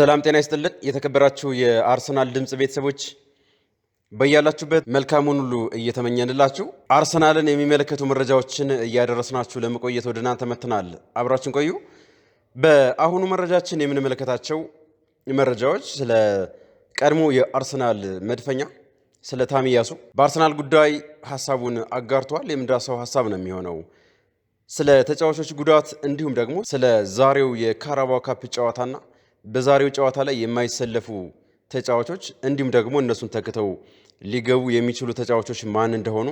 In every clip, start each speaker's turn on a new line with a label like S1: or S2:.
S1: ሰላም ጤና ይስጥልን። የተከበራችሁ የአርሰናል ድምፅ ቤተሰቦች በያላችሁበት መልካሙን ሁሉ እየተመኘንላችሁ አርሰናልን የሚመለከቱ መረጃዎችን እያደረስናችሁ ለመቆየት ወደ እናንተ መጥተናል። አብራችን ቆዩ። በአሁኑ መረጃችን የምንመለከታቸው መረጃዎች ስለ ቀድሞ የአርሰናል መድፈኛ ስለ ታሚያሱ በአርሰናል ጉዳይ ሀሳቡን አጋርተዋል። የምንዳሰው ሀሳብ ነው የሚሆነው ስለ ተጫዋቾች ጉዳት እንዲሁም ደግሞ ስለ ዛሬው የካራባው ካፕ ጨዋታና በዛሬው ጨዋታ ላይ የማይሰለፉ ተጫዋቾች እንዲሁም ደግሞ እነሱን ተክተው ሊገቡ የሚችሉ ተጫዋቾች ማን እንደሆኑ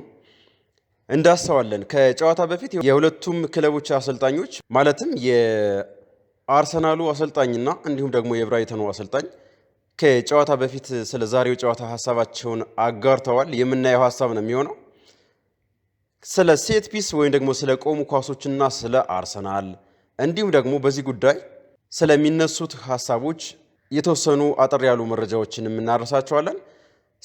S1: እንዳስተዋለን። ከጨዋታ በፊት የሁለቱም ክለቦች አሰልጣኞች ማለትም የአርሰናሉ አሰልጣኝና እንዲሁም ደግሞ የብራይተኑ አሰልጣኝ ከጨዋታ በፊት ስለ ዛሬው ጨዋታ ሀሳባቸውን አጋርተዋል። የምናየው ሀሳብ ነው የሚሆነው ስለ ሴት ፒስ ወይም ደግሞ ስለ ቆሙ ኳሶችና ስለ አርሰናል እንዲሁም ደግሞ በዚህ ጉዳይ ስለሚነሱት ሀሳቦች የተወሰኑ አጠር ያሉ መረጃዎችን የምናደርሳቸዋለን።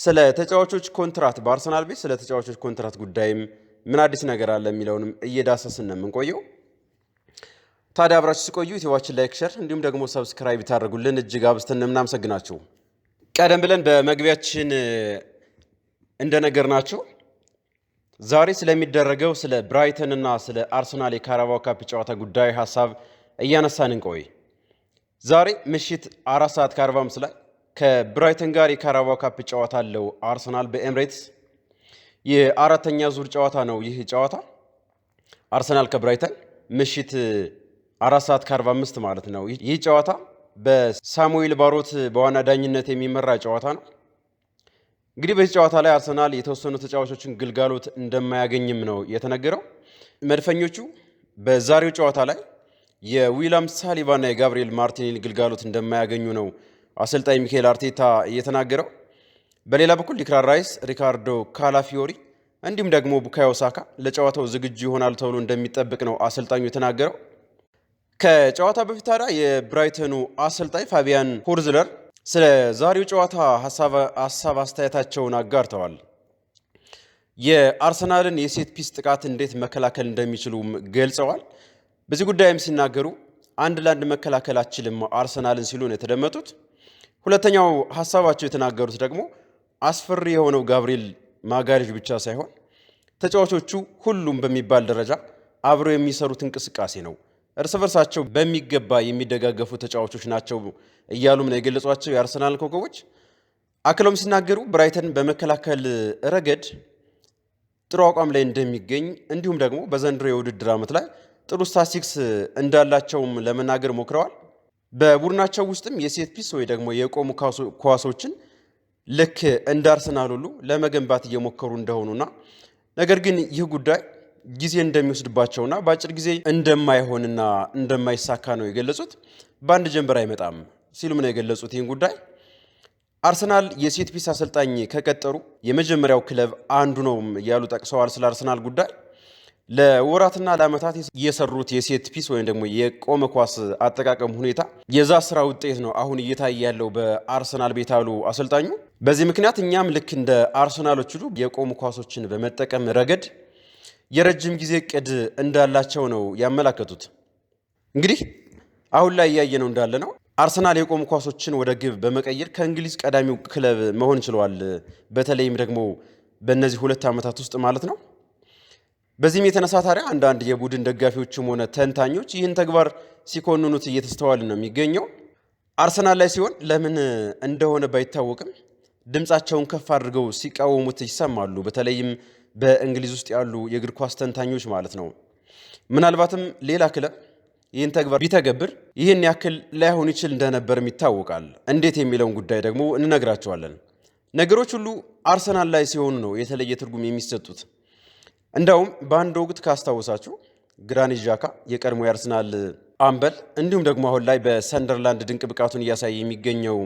S1: ስለ ተጫዋቾች ኮንትራት በአርሰናል ቤት ስለ ተጫዋቾች ኮንትራት ጉዳይም ምን አዲስ ነገር አለ የሚለውንም እየዳሰስን ነው የምንቆየው። ታዲያ አብራችሁ ሲቆዩ ዩቲዩባችን ላይክ፣ ሸር እንዲሁም ደግሞ ሰብስክራይብ ታደርጉልን እጅግ አብዝተን የምናመሰግናችሁ። ቀደም ብለን በመግቢያችን እንደነገርናችሁ ዛሬ ስለሚደረገው ስለ ብራይተን እና ስለ አርሰናል የካራባው ካፕ ጨዋታ ጉዳይ ሀሳብ እያነሳን እንቆይ። ዛሬ ምሽት አራት ሰዓት ከ45 ላይ ከብራይተን ጋር የካራባው ካፕ ጨዋታ አለው አርሰናል በኤምሬትስ የአራተኛ ዙር ጨዋታ ነው። ይህ ጨዋታ አርሰናል ከብራይተን ምሽት አራት ሰዓት ከ45 ማለት ነው። ይህ ጨዋታ በሳሙኤል ባሮት በዋና ዳኝነት የሚመራ ጨዋታ ነው። እንግዲህ በዚህ ጨዋታ ላይ አርሰናል የተወሰኑ ተጫዋቾችን ግልጋሎት እንደማያገኝም ነው የተነገረው። መድፈኞቹ በዛሬው ጨዋታ ላይ የዊላም ሳሊባና የጋብሪኤል ማርቲኔሊ ግልጋሎት እንደማያገኙ ነው አሰልጣኝ ሚካኤል አርቴታ እየተናገረው። በሌላ በኩል ዲክላን ራይስ፣ ሪካርዶ ካላፊዮሪ እንዲሁም ደግሞ ቡካዮ ሳካ ለጨዋታው ዝግጁ ይሆናል ተብሎ እንደሚጠብቅ ነው አሰልጣኙ የተናገረው። ከጨዋታ በፊት ታዲያ የብራይተኑ አሰልጣኝ ፋቢያን ሁርዝለር ስለ ዛሬው ጨዋታ ሀሳብ አስተያየታቸውን አጋርተዋል። የአርሰናልን የሴት ፒስ ጥቃት እንዴት መከላከል እንደሚችሉም ገልጸዋል። በዚህ ጉዳይም ሲናገሩ አንድ ለአንድ መከላከል አችልም አርሰናልን ሲሉ ነው የተደመጡት። ሁለተኛው ሀሳባቸው የተናገሩት ደግሞ አስፈሪ የሆነው ጋብሪኤል ማጋሪጅ ብቻ ሳይሆን ተጫዋቾቹ ሁሉም በሚባል ደረጃ አብረው የሚሰሩት እንቅስቃሴ ነው። እርስ በርሳቸው በሚገባ የሚደጋገፉ ተጫዋቾች ናቸው እያሉም ነው የገለጿቸው የአርሰናል ኮከቦች። አክለውም ሲናገሩ ብራይተን በመከላከል ረገድ ጥሩ አቋም ላይ እንደሚገኝ እንዲሁም ደግሞ በዘንድሮ የውድድር ዓመት ላይ ጥሩ ስታስቲክስ እንዳላቸውም ለመናገር ሞክረዋል። በቡድናቸው ውስጥም የሴት ፒስ ወይ ደግሞ የቆሙ ኳሶችን ልክ እንደ አርሰናል ሁሉ ለመገንባት እየሞከሩ እንደሆኑና ነገር ግን ይህ ጉዳይ ጊዜ እንደሚወስድባቸውና በአጭር ጊዜ እንደማይሆንና እንደማይሳካ ነው የገለጹት። በአንድ ጀንበር አይመጣም ሲሉም ነው የገለጹት። ይህን ጉዳይ አርሰናል የሴት ፒስ አሰልጣኝ ከቀጠሩ የመጀመሪያው ክለብ አንዱ ነው እያሉ ጠቅሰዋል። ስለ አርሰናል ጉዳይ ለወራትና ለዓመታት የሰሩት የሴት ፒስ ወይም ደግሞ የቆመ ኳስ አጠቃቀም ሁኔታ የዛ ስራ ውጤት ነው አሁን እየታየ ያለው በአርሰናል ቤት አሉ አሰልጣኙ። በዚህ ምክንያት እኛም ልክ እንደ አርሰናሎች ሁሉ የቆሙ ኳሶችን በመጠቀም ረገድ የረጅም ጊዜ እቅድ እንዳላቸው ነው ያመላከቱት። እንግዲህ አሁን ላይ እያየ ነው እንዳለ ነው አርሰናል የቆሙ ኳሶችን ወደ ግብ በመቀየር ከእንግሊዝ ቀዳሚው ክለብ መሆን ችለዋል። በተለይም ደግሞ በእነዚህ ሁለት ዓመታት ውስጥ ማለት ነው። በዚህም የተነሳ ታዲያ አንዳንድ የቡድን ደጋፊዎችም ሆነ ተንታኞች ይህን ተግባር ሲኮንኑት እየተስተዋል ነው የሚገኘው። አርሰናል ላይ ሲሆን ለምን እንደሆነ ባይታወቅም ድምፃቸውን ከፍ አድርገው ሲቃወሙት ይሰማሉ። በተለይም በእንግሊዝ ውስጥ ያሉ የእግር ኳስ ተንታኞች ማለት ነው። ምናልባትም ሌላ ክለብ ይህን ተግባር ቢተገብር ይህን ያክል ላይሆን ይችል እንደነበርም ይታወቃል። እንዴት የሚለውን ጉዳይ ደግሞ እንነግራቸዋለን። ነገሮች ሁሉ አርሰናል ላይ ሲሆኑ ነው የተለየ ትርጉም የሚሰጡት። እንደውም በአንድ ወቅት ካስታወሳችሁ ግራኒት ዣካ የቀድሞ የአርሰናል አምበል እንዲሁም ደግሞ አሁን ላይ በሰንደርላንድ ድንቅ ብቃቱን እያሳየ የሚገኘው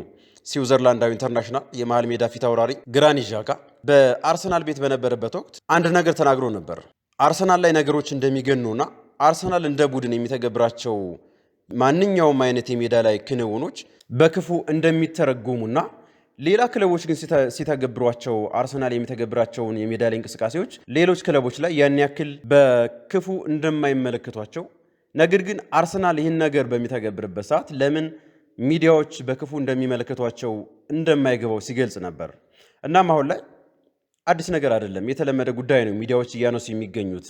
S1: ስዊዘርላንዳዊ ኢንተርናሽናል የመሃል ሜዳ ፊት አውራሪ ግራኒት ዣካ በአርሰናል ቤት በነበረበት ወቅት አንድ ነገር ተናግሮ ነበር። አርሰናል ላይ ነገሮች እንደሚገኑና አርሰናል እንደ ቡድን የሚተገብራቸው ማንኛውም አይነት የሜዳ ላይ ክንውኖች በክፉ እንደሚተረጉሙና ሌላ ክለቦች ግን ሲተገብሯቸው አርሰናል የሚተገብራቸውን የሜዳ ላይ እንቅስቃሴዎች ሌሎች ክለቦች ላይ ያን ያክል በክፉ እንደማይመለከቷቸው ነገር ግን አርሰናል ይህን ነገር በሚተገብርበት ሰዓት ለምን ሚዲያዎች በክፉ እንደሚመለከቷቸው እንደማይገባው ሲገልጽ ነበር። እናም አሁን ላይ አዲስ ነገር አይደለም፣ የተለመደ ጉዳይ ነው ሚዲያዎች እያነሱ የሚገኙት።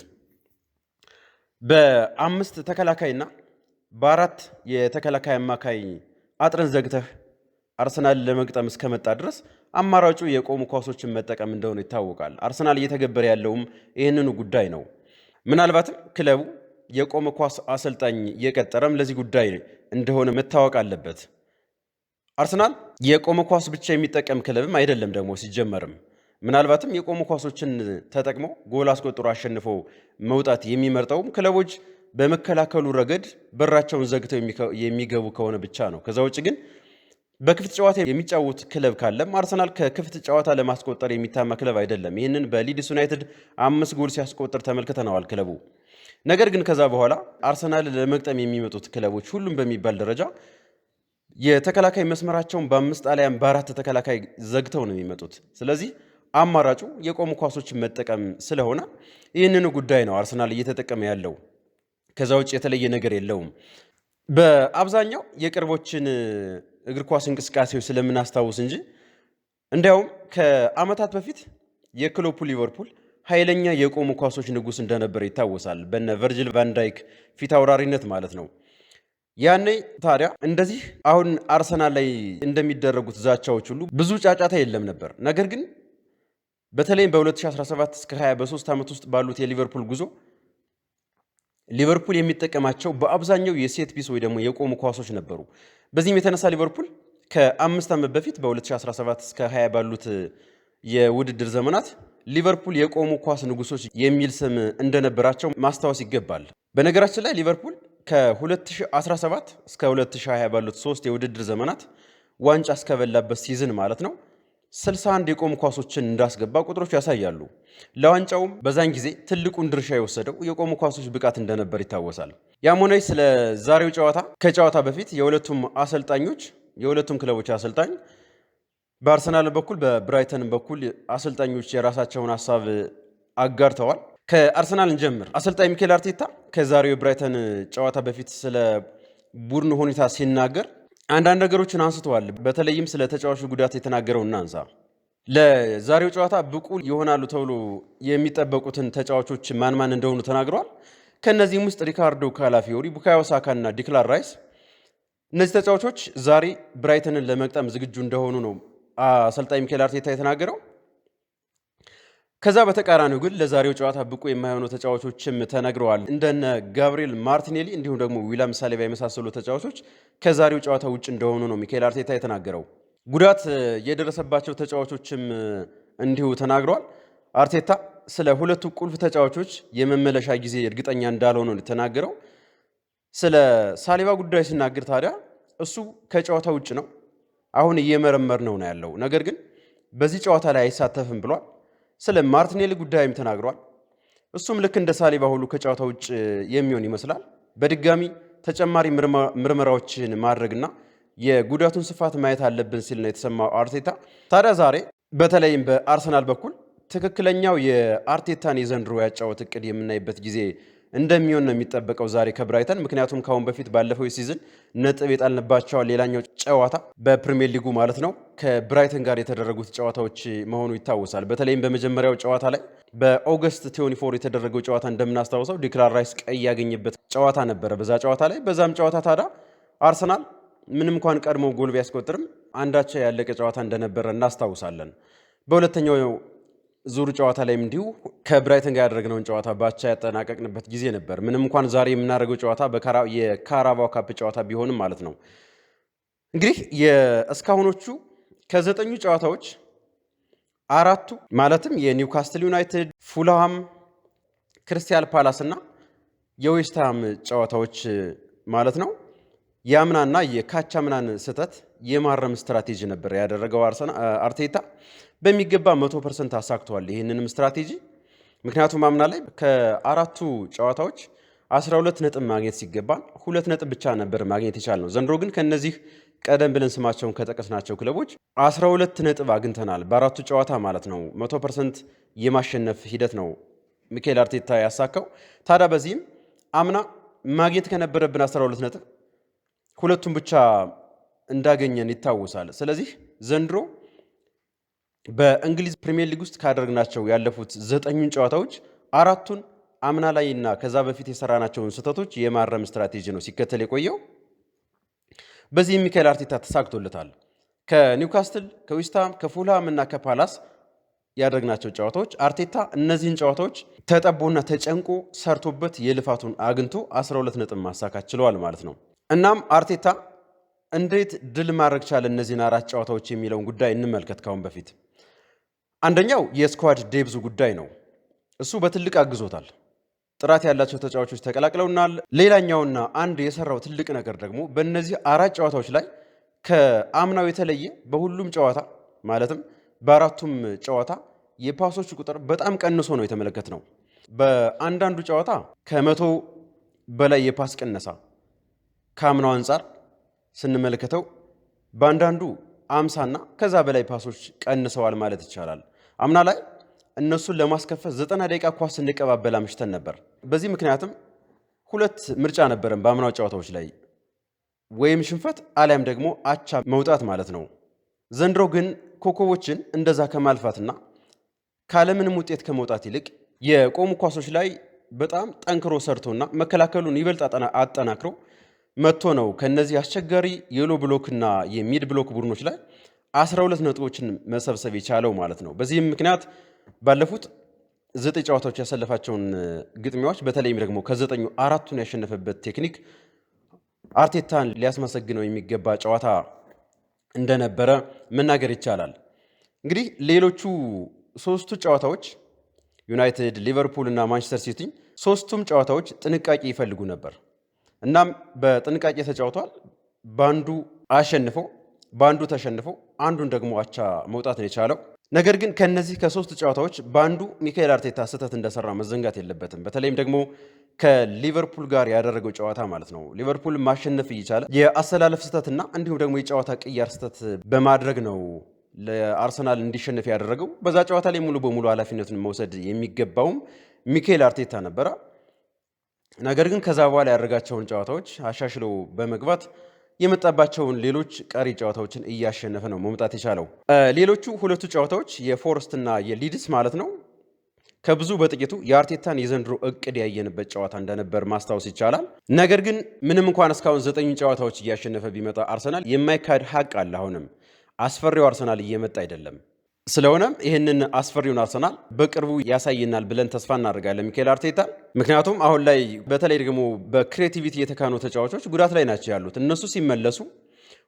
S1: በአምስት ተከላካይና በአራት የተከላካይ አማካይ አጥረን ዘግተህ አርሰናል ለመግጠም እስከመጣ ድረስ አማራጩ የቆሙ ኳሶችን መጠቀም እንደሆነ ይታወቃል። አርሰናል እየተገበረ ያለውም ይህንኑ ጉዳይ ነው። ምናልባትም ክለቡ የቆመ ኳስ አሰልጣኝ የቀጠረም ለዚህ ጉዳይ እንደሆነ መታወቅ አለበት። አርሰናል የቆመ ኳስ ብቻ የሚጠቀም ክለብም አይደለም ደግሞ ሲጀመርም ምናልባትም የቆሙ ኳሶችን ተጠቅሞ ጎል አስቆጥሮ አሸንፎ መውጣት የሚመርጠውም ክለቦች በመከላከሉ ረገድ በራቸውን ዘግተው የሚገቡ ከሆነ ብቻ ነው። ከዛ ውጭ ግን በክፍት ጨዋታ የሚጫወት ክለብ ካለም አርሰናል ከክፍት ጨዋታ ለማስቆጠር የሚታማ ክለብ አይደለም። ይህንን በሊድስ ዩናይትድ አምስት ጎል ሲያስቆጥር ተመልክተነዋል ክለቡ። ነገር ግን ከዛ በኋላ አርሰናል ለመግጠም የሚመጡት ክለቦች ሁሉም በሚባል ደረጃ የተከላካይ መስመራቸውን በአምስት አሊያም በአራት ተከላካይ ዘግተው ነው የሚመጡት። ስለዚህ አማራጩ የቆሙ ኳሶችን መጠቀም ስለሆነ ይህንኑ ጉዳይ ነው አርሰናል እየተጠቀመ ያለው። ከዛ ውጭ የተለየ ነገር የለውም። በአብዛኛው የቅርቦችን እግር ኳስ እንቅስቃሴው ስለምናስታውስ እንጂ እንዲያውም ከአመታት በፊት የክሎፑ ሊቨርፑል ኃይለኛ የቆሙ ኳሶች ንጉስ እንደነበረ ይታወሳል። በነ ቨርጅል ቫንዳይክ ፊት አውራሪነት ማለት ነው። ያኔ ታዲያ እንደዚህ አሁን አርሰናል ላይ እንደሚደረጉት ዛቻዎች ሁሉ ብዙ ጫጫታ የለም ነበር። ነገር ግን በተለይም በ2017 እስከ 20 በሶስት ዓመት ውስጥ ባሉት የሊቨርፑል ጉዞ ሊቨርፑል የሚጠቀማቸው በአብዛኛው የሴት ፒስ ወይ ደግሞ የቆሙ ኳሶች ነበሩ። በዚህም የተነሳ ሊቨርፑል ከአምስት ዓመት በፊት በ2017 እስከ 20 ባሉት የውድድር ዘመናት ሊቨርፑል የቆሙ ኳስ ንጉሶች የሚል ስም እንደነበራቸው ማስታወስ ይገባል። በነገራችን ላይ ሊቨርፑል ከ2017 እስከ 2020 ባሉት ሶስት የውድድር ዘመናት ዋንጫ እስከበላበት ሲዝን ማለት ነው 61 የቆም ኳሶችን እንዳስገባ ቁጥሮች ያሳያሉ። ለዋንጫውም በዛን ጊዜ ትልቁን ድርሻ የወሰደው የቆሙ ኳሶች ብቃት እንደነበር ይታወሳል። ያም ሆነ ስለ ዛሬው ጨዋታ ከጨዋታ በፊት የሁለቱም አሰልጣኞች የሁለቱም ክለቦች አሰልጣኝ በአርሰናል በኩል በብራይተን በኩል አሰልጣኞች የራሳቸውን ሀሳብ አጋርተዋል። ከአርሰናል እንጀምር። አሰልጣኝ ሚኬል አርቴታ ከዛሬው የብራይተን ጨዋታ በፊት ስለ ቡድን ሁኔታ ሲናገር አንዳንድ ነገሮችን አንስተዋል። በተለይም ስለ ተጫዋቹ ጉዳት የተናገረው እናንሳ። ለዛሬው ጨዋታ ብቁ ይሆናሉ ተብሎ የሚጠበቁትን ተጫዋቾች ማን ማን እንደሆኑ ተናግረዋል። ከእነዚህም ውስጥ ሪካርዶ ካላፊዮሪ፣ ቡካዮ ሳካ እና ራይስ እነዚህ ተጫዋቾች ዛሬ ብራይተንን ለመቅጠም ዝግጁ እንደሆኑ ነው አሰልጣኝ ሚኬል አርቴታ የተናገረው። ከዛ በተቃራኒው ግን ለዛሬው ጨዋታ ብቁ የማይሆኑ ተጫዋቾችም ተነግረዋል። እንደነ ጋብሪኤል ማርቲኔሊ እንዲሁም ደግሞ ዊላም ሳሊባ የመሳሰሉ ተጫዋቾች ከዛሬው ጨዋታ ውጭ እንደሆኑ ነው ሚካኤል አርቴታ የተናገረው። ጉዳት የደረሰባቸው ተጫዋቾችም እንዲሁ ተናግረዋል። አርቴታ ስለ ሁለቱ ቁልፍ ተጫዋቾች የመመለሻ ጊዜ እርግጠኛ እንዳልሆነ የተናገረው። ስለ ሳሊባ ጉዳይ ሲናገር ታዲያ እሱ ከጨዋታ ውጭ ነው፣ አሁን እየመረመር ነው ነው ያለው። ነገር ግን በዚህ ጨዋታ ላይ አይሳተፍም ብሏል። ስለ ማርቲኔሊ ጉዳይም ተናግሯል። እሱም ልክ እንደ ሳሊባ ሁሉ ከጨዋታ ውጭ የሚሆን ይመስላል። በድጋሚ ተጨማሪ ምርመራዎችን ማድረግና የጉዳቱን ስፋት ማየት አለብን ሲል ነው የተሰማው አርቴታ። ታዲያ ዛሬ በተለይም በአርሰናል በኩል ትክክለኛው የአርቴታን የዘንድሮ ያጫወት እቅድ የምናይበት ጊዜ እንደሚሆን ነው የሚጠበቀው ዛሬ ከብራይተን። ምክንያቱም ከአሁን በፊት ባለፈው ሲዝን ነጥብ የጣልንባቸው ሌላኛው ጨዋታ በፕሪሚየር ሊጉ ማለት ነው ከብራይተን ጋር የተደረጉት ጨዋታዎች መሆኑ ይታወሳል። በተለይም በመጀመሪያው ጨዋታ ላይ በኦገስት ቴዮኒፎር የተደረገው ጨዋታ እንደምናስታውሰው ዲክላር ራይስ ቀይ ያገኘበት ጨዋታ ነበረ በዛ ጨዋታ ላይ። በዛም ጨዋታ ታዲያ አርሰናል ምንም እንኳን ቀድሞ ጎል ቢያስቆጥርም አንዳቸው ያለቀ ጨዋታ እንደነበረ እናስታውሳለን። በሁለተኛው ዙር ጨዋታ ላይም እንዲሁ ከብራይተን ጋር ያደረግነውን ጨዋታ ባቻ ያጠናቀቅንበት ጊዜ ነበር። ምንም እንኳን ዛሬ የምናደርገው ጨዋታ የካራባው ካፕ ጨዋታ ቢሆንም ማለት ነው። እንግዲህ እስካሁኖቹ ከዘጠኙ ጨዋታዎች አራቱ ማለትም የኒውካስትል ዩናይትድ፣ ፉልሃም፣ ክርስቲያል ፓላስ እና የዌስትሃም ጨዋታዎች ማለት ነው የአምናና የካቻምናን ስህተት የማረም ስትራቴጂ ነበር ያደረገው አርቴታ። በሚገባ መቶ ፐርሰንት አሳክተዋል ይህንንም ስትራቴጂ። ምክንያቱም አምና ላይ ከአራቱ ጨዋታዎች 12 ነጥብ ማግኘት ሲገባን ሁለት ነጥብ ብቻ ነበር ማግኘት የቻልነው። ዘንድሮ ግን ከነዚህ ቀደም ብለን ስማቸውን ከጠቀስናቸው ክለቦች 12 ነጥብ አግኝተናል በአራቱ ጨዋታ ማለት ነው። መቶ ፐርሰንት የማሸነፍ ሂደት ነው ሚካኤል አርቴታ ያሳካው። ታዲያ በዚህም አምና ማግኘት ከነበረብን 12 ነጥብ ሁለቱን ብቻ እንዳገኘን ይታወሳል። ስለዚህ ዘንድሮ በእንግሊዝ ፕሪሚየር ሊግ ውስጥ ካደረግናቸው ያለፉት ዘጠኙን ጨዋታዎች አራቱን አምና ላይ እና ከዛ በፊት የሰራናቸውን ስህተቶች የማረም ስትራቴጂ ነው ሲከተል የቆየው። በዚህ ሚካኤል አርቴታ ተሳክቶለታል። ከኒውካስትል፣ ከዊስታም፣ ከፉልሃም እና ከፓላስ ያደረግናቸው ጨዋታዎች አርቴታ እነዚህን ጨዋታዎች ተጠቦና ተጨንቆ ሰርቶበት የልፋቱን አግኝቶ 12 ነጥብ ማሳካት ችለዋል ማለት ነው። እናም አርቴታ እንዴት ድል ማድረግ ቻለ እነዚህን አራት ጨዋታዎች የሚለውን ጉዳይ እንመልከት። ካሁን በፊት አንደኛው የስኳድ ዴብዙ ጉዳይ ነው። እሱ በትልቅ አግዞታል። ጥራት ያላቸው ተጫዋቾች ተቀላቅለውናል። ሌላኛውና አንድ የሰራው ትልቅ ነገር ደግሞ በእነዚህ አራት ጨዋታዎች ላይ ከአምናው የተለየ በሁሉም ጨዋታ ማለትም በአራቱም ጨዋታ የፓሶች ቁጥር በጣም ቀንሶ ነው የተመለከት ነው። በአንዳንዱ ጨዋታ ከመቶ በላይ የፓስ ቅነሳ ከአምናው አንጻር ስንመለከተው በአንዳንዱ አምሳና ከዛ በላይ ፓሶች ቀንሰዋል ማለት ይቻላል። አምና ላይ እነሱን ለማስከፈት ዘጠና ደቂቃ ኳስ ስንቀባበል አምሽተን ነበር። በዚህ ምክንያትም ሁለት ምርጫ ነበረን በአምናው ጨዋታዎች ላይ ወይም ሽንፈት አሊያም ደግሞ አቻ መውጣት ማለት ነው። ዘንድሮ ግን ኮከቦችን እንደዛ ከማልፋትና ካለምንም ውጤት ከመውጣት ይልቅ የቆሙ ኳሶች ላይ በጣም ጠንክሮ ሰርቶና መከላከሉን ይበልጥ አጠናክረው መጥቶ ነው ከነዚህ አስቸጋሪ የሎ ብሎክና የሚድ ብሎክ ቡድኖች ላይ 12 ነጥቦችን መሰብሰብ የቻለው ማለት ነው። በዚህም ምክንያት ባለፉት ዘጠኝ ጨዋታዎች ያሰለፋቸውን ግጥሚያዎች በተለይም ደግሞ ከዘጠኙ አራቱን ያሸነፈበት ቴክኒክ አርቴታን ሊያስመሰግነው የሚገባ ጨዋታ እንደነበረ መናገር ይቻላል። እንግዲህ ሌሎቹ ሶስቱ ጨዋታዎች ዩናይትድ፣ ሊቨርፑል እና ማንቸስተር ሲቲ ሶስቱም ጨዋታዎች ጥንቃቄ ይፈልጉ ነበር። እናም በጥንቃቄ ተጫውተዋል። በአንዱ አሸንፎ በአንዱ ተሸንፎ አንዱን ደግሞ አቻ መውጣት ነው የቻለው። ነገር ግን ከነዚህ ከሶስት ጨዋታዎች በአንዱ ሚካኤል አርቴታ ስህተት እንደሰራ መዘንጋት የለበትም። በተለይም ደግሞ ከሊቨርፑል ጋር ያደረገው ጨዋታ ማለት ነው። ሊቨርፑል ማሸነፍ እየቻለ የአሰላለፍ ስህተትና እንዲሁም ደግሞ የጨዋታ ቅያር ስህተት በማድረግ ነው ለአርሰናል እንዲሸነፍ ያደረገው። በዛ ጨዋታ ላይ ሙሉ በሙሉ ኃላፊነቱን መውሰድ የሚገባውም ሚካኤል አርቴታ ነበረ። ነገር ግን ከዛ በኋላ ያደረጋቸውን ጨዋታዎች አሻሽሎ በመግባት የመጣባቸውን ሌሎች ቀሪ ጨዋታዎችን እያሸነፈ ነው መምጣት የቻለው። ሌሎቹ ሁለቱ ጨዋታዎች የፎረስት የሊድስ ማለት ነው። ከብዙ በጥቂቱ የአርቴታን የዘንድሮ እቅድ ያየንበት ጨዋታ እንደነበር ማስታወስ ይቻላል። ነገር ግን ምንም እንኳን እስካሁን ዘጠኙ ጨዋታዎች እያሸነፈ ቢመጣ አርሰናል የማይካድ ሀቅ አለ። አሁንም አስፈሪው አርሰናል እየመጣ አይደለም። ስለሆነም ይህንን አስፈሪውን አርሰናል በቅርቡ ያሳይናል ብለን ተስፋ እናደርጋለን ሚካኤል አርቴታ። ምክንያቱም አሁን ላይ በተለይ ደግሞ በክሬቲቪቲ የተካኑ ተጫዋቾች ጉዳት ላይ ናቸው ያሉት። እነሱ ሲመለሱ፣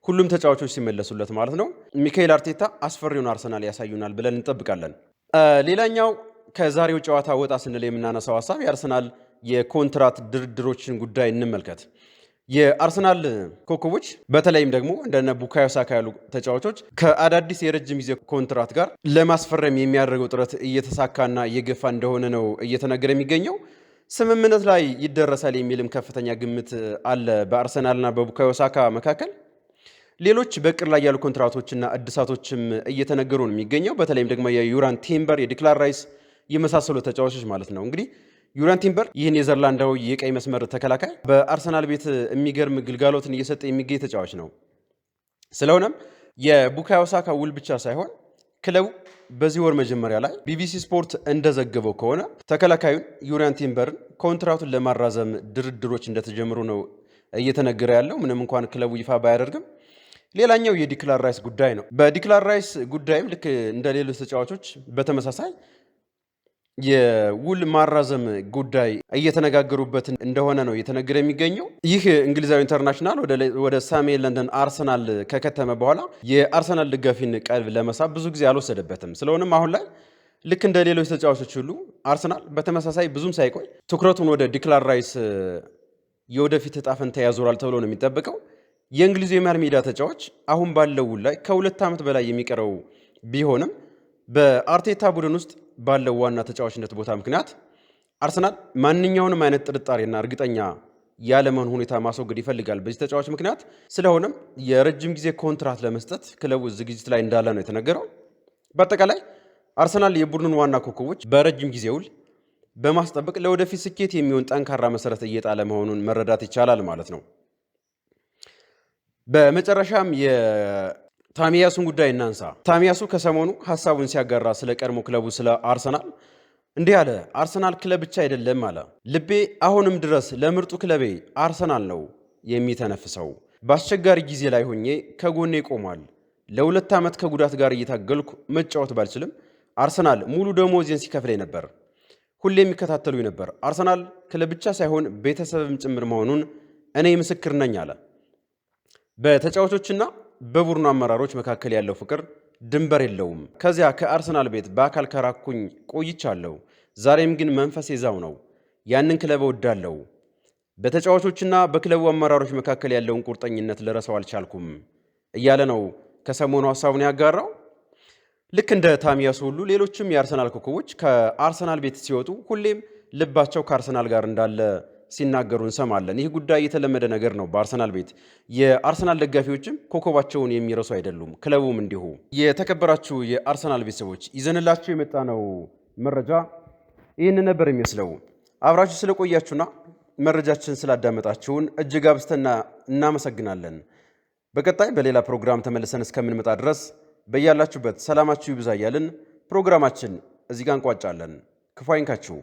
S1: ሁሉም ተጫዋቾች ሲመለሱለት ማለት ነው ሚካኤል አርቴታ አስፈሪውን አርሰናል ያሳዩናል ብለን እንጠብቃለን። ሌላኛው ከዛሬው ጨዋታ ወጣ ስንል የምናነሳው ሀሳብ የአርሰናል የኮንትራት ድርድሮችን ጉዳይ እንመልከት። የአርሰናል ኮከቦች በተለይም ደግሞ እንደነ ቡካዮ ሳካ ያሉ ተጫዋቾች ከአዳዲስ የረጅም ጊዜ ኮንትራት ጋር ለማስፈረም የሚያደርገው ጥረት እየተሳካና እየገፋ እንደሆነ ነው እየተነገረ የሚገኘው። ስምምነት ላይ ይደረሳል የሚልም ከፍተኛ ግምት አለ በአርሰናልና በቡካዮ ሳካ መካከል። ሌሎች በቅር ላይ ያሉ ኮንትራቶችና እድሳቶችም እየተነገሩ ነው የሚገኘው። በተለይም ደግሞ የዩራን ቲምበር፣ የዲክላን ራይስ የመሳሰሉ ተጫዋቾች ማለት ነው እንግዲህ ዩራን ቲምበር ይህ ኔዘርላንዳዊ የቀይ መስመር ተከላካይ በአርሰናል ቤት የሚገርም ግልጋሎትን እየሰጠ የሚገኝ ተጫዋች ነው። ስለሆነም የቡካዮ ሳካ ውል ብቻ ሳይሆን ክለቡ በዚህ ወር መጀመሪያ ላይ ቢቢሲ ስፖርት እንደዘገበው ከሆነ ተከላካዩን ዩራን ቲምበርን ኮንትራቱን ለማራዘም ድርድሮች እንደተጀመሩ ነው እየተነገረ ያለው ምንም እንኳን ክለቡ ይፋ ባያደርግም። ሌላኛው የዲክላን ራይስ ጉዳይ ነው። በዲክላን ራይስ ጉዳይም ልክ እንደ ሌሎች ተጫዋቾች በተመሳሳይ የውል ማራዘም ጉዳይ እየተነጋገሩበት እንደሆነ ነው እየተነገረ የሚገኘው። ይህ እንግሊዛዊ ኢንተርናሽናል ወደ ሰሜን ለንደን አርሰናል ከከተመ በኋላ የአርሰናል ደጋፊን ቀልብ ለመሳብ ብዙ ጊዜ አልወሰደበትም። ስለሆነም አሁን ላይ ልክ እንደ ሌሎች ተጫዋቾች ሁሉ አርሰናል በተመሳሳይ ብዙም ሳይቆይ ትኩረቱን ወደ ዲክላን ራይስ የወደፊት ዕጣ ፈንታ ያዞራል ተብሎ ነው የሚጠበቀው። የእንግሊዙ የመሃል ሜዳ ተጫዋች አሁን ባለው ውል ላይ ከሁለት ዓመት በላይ የሚቀረው ቢሆንም በአርቴታ ቡድን ውስጥ ባለው ዋና ተጫዋችነት ቦታ ምክንያት አርሰናል ማንኛውንም አይነት ጥርጣሬና እርግጠኛ ያለመሆን ሁኔታ ማስወገድ ይፈልጋል በዚህ ተጫዋች ምክንያት። ስለሆነም የረጅም ጊዜ ኮንትራት ለመስጠት ክለቡ ዝግጅት ላይ እንዳለ ነው የተነገረው። በአጠቃላይ አርሰናል የቡድኑን ዋና ኮከቦች በረጅም ጊዜ ውል በማስጠበቅ ለወደፊት ስኬት የሚሆን ጠንካራ መሰረት እየጣለ መሆኑን መረዳት ይቻላል ማለት ነው። በመጨረሻም ታሚያሱን ጉዳይ እናንሳ። ታሚያሱ ከሰሞኑ ሀሳቡን ሲያጋራ ስለ ቀድሞ ክለቡ ስለ አርሰናል እንዲህ አለ። አርሰናል ክለብ ብቻ አይደለም አለ። ልቤ አሁንም ድረስ ለምርጡ ክለቤ አርሰናል ነው የሚተነፍሰው። በአስቸጋሪ ጊዜ ላይ ሆኜ ከጎኔ ቆሟል። ለሁለት ዓመት ከጉዳት ጋር እየታገልኩ መጫወት ባልችልም አርሰናል ሙሉ ደሞዜን ሲከፍለኝ ነበር። ሁሌ የሚከታተሉ ነበር። አርሰናል ክለብ ብቻ ሳይሆን ቤተሰብም ጭምር መሆኑን እኔ ምስክር ነኝ አለ። በተጫዋቾችና በቡድኑ አመራሮች መካከል ያለው ፍቅር ድንበር የለውም። ከዚያ ከአርሰናል ቤት በአካል ከራኩኝ ቆይቻለሁ። ዛሬም ግን መንፈስ የዛው ነው። ያንን ክለብ እወዳለሁ። በተጫዋቾችና በክለቡ አመራሮች መካከል ያለውን ቁርጠኝነት ልረሳው አልቻልኩም እያለ ነው ከሰሞኑ ሀሳቡን ያጋራው። ልክ እንደ ታሚያስ ሁሉ ሌሎችም የአርሰናል ኮከቦች ከአርሰናል ቤት ሲወጡ ሁሌም ልባቸው ከአርሰናል ጋር እንዳለ ሲናገሩ እንሰማለን። ይህ ጉዳይ የተለመደ ነገር ነው በአርሰናል ቤት። የአርሰናል ደጋፊዎችም ኮከባቸውን የሚረሱ አይደሉም፣ ክለቡም እንዲሁ። የተከበራችሁ የአርሰናል ቤተሰቦች ይዘንላችሁ የመጣ ነው መረጃ ይህን ነበር የሚመስለው። አብራችሁ ስለቆያችሁና መረጃችን ስላዳመጣችሁን እጅግ አብስተና እናመሰግናለን። በቀጣይ በሌላ ፕሮግራም ተመልሰን እስከምንመጣ ድረስ በያላችሁበት ሰላማችሁ ይብዛ እያልን ፕሮግራማችን እዚህ ጋር እንቋጫለን። ክፉ አይንካችሁ።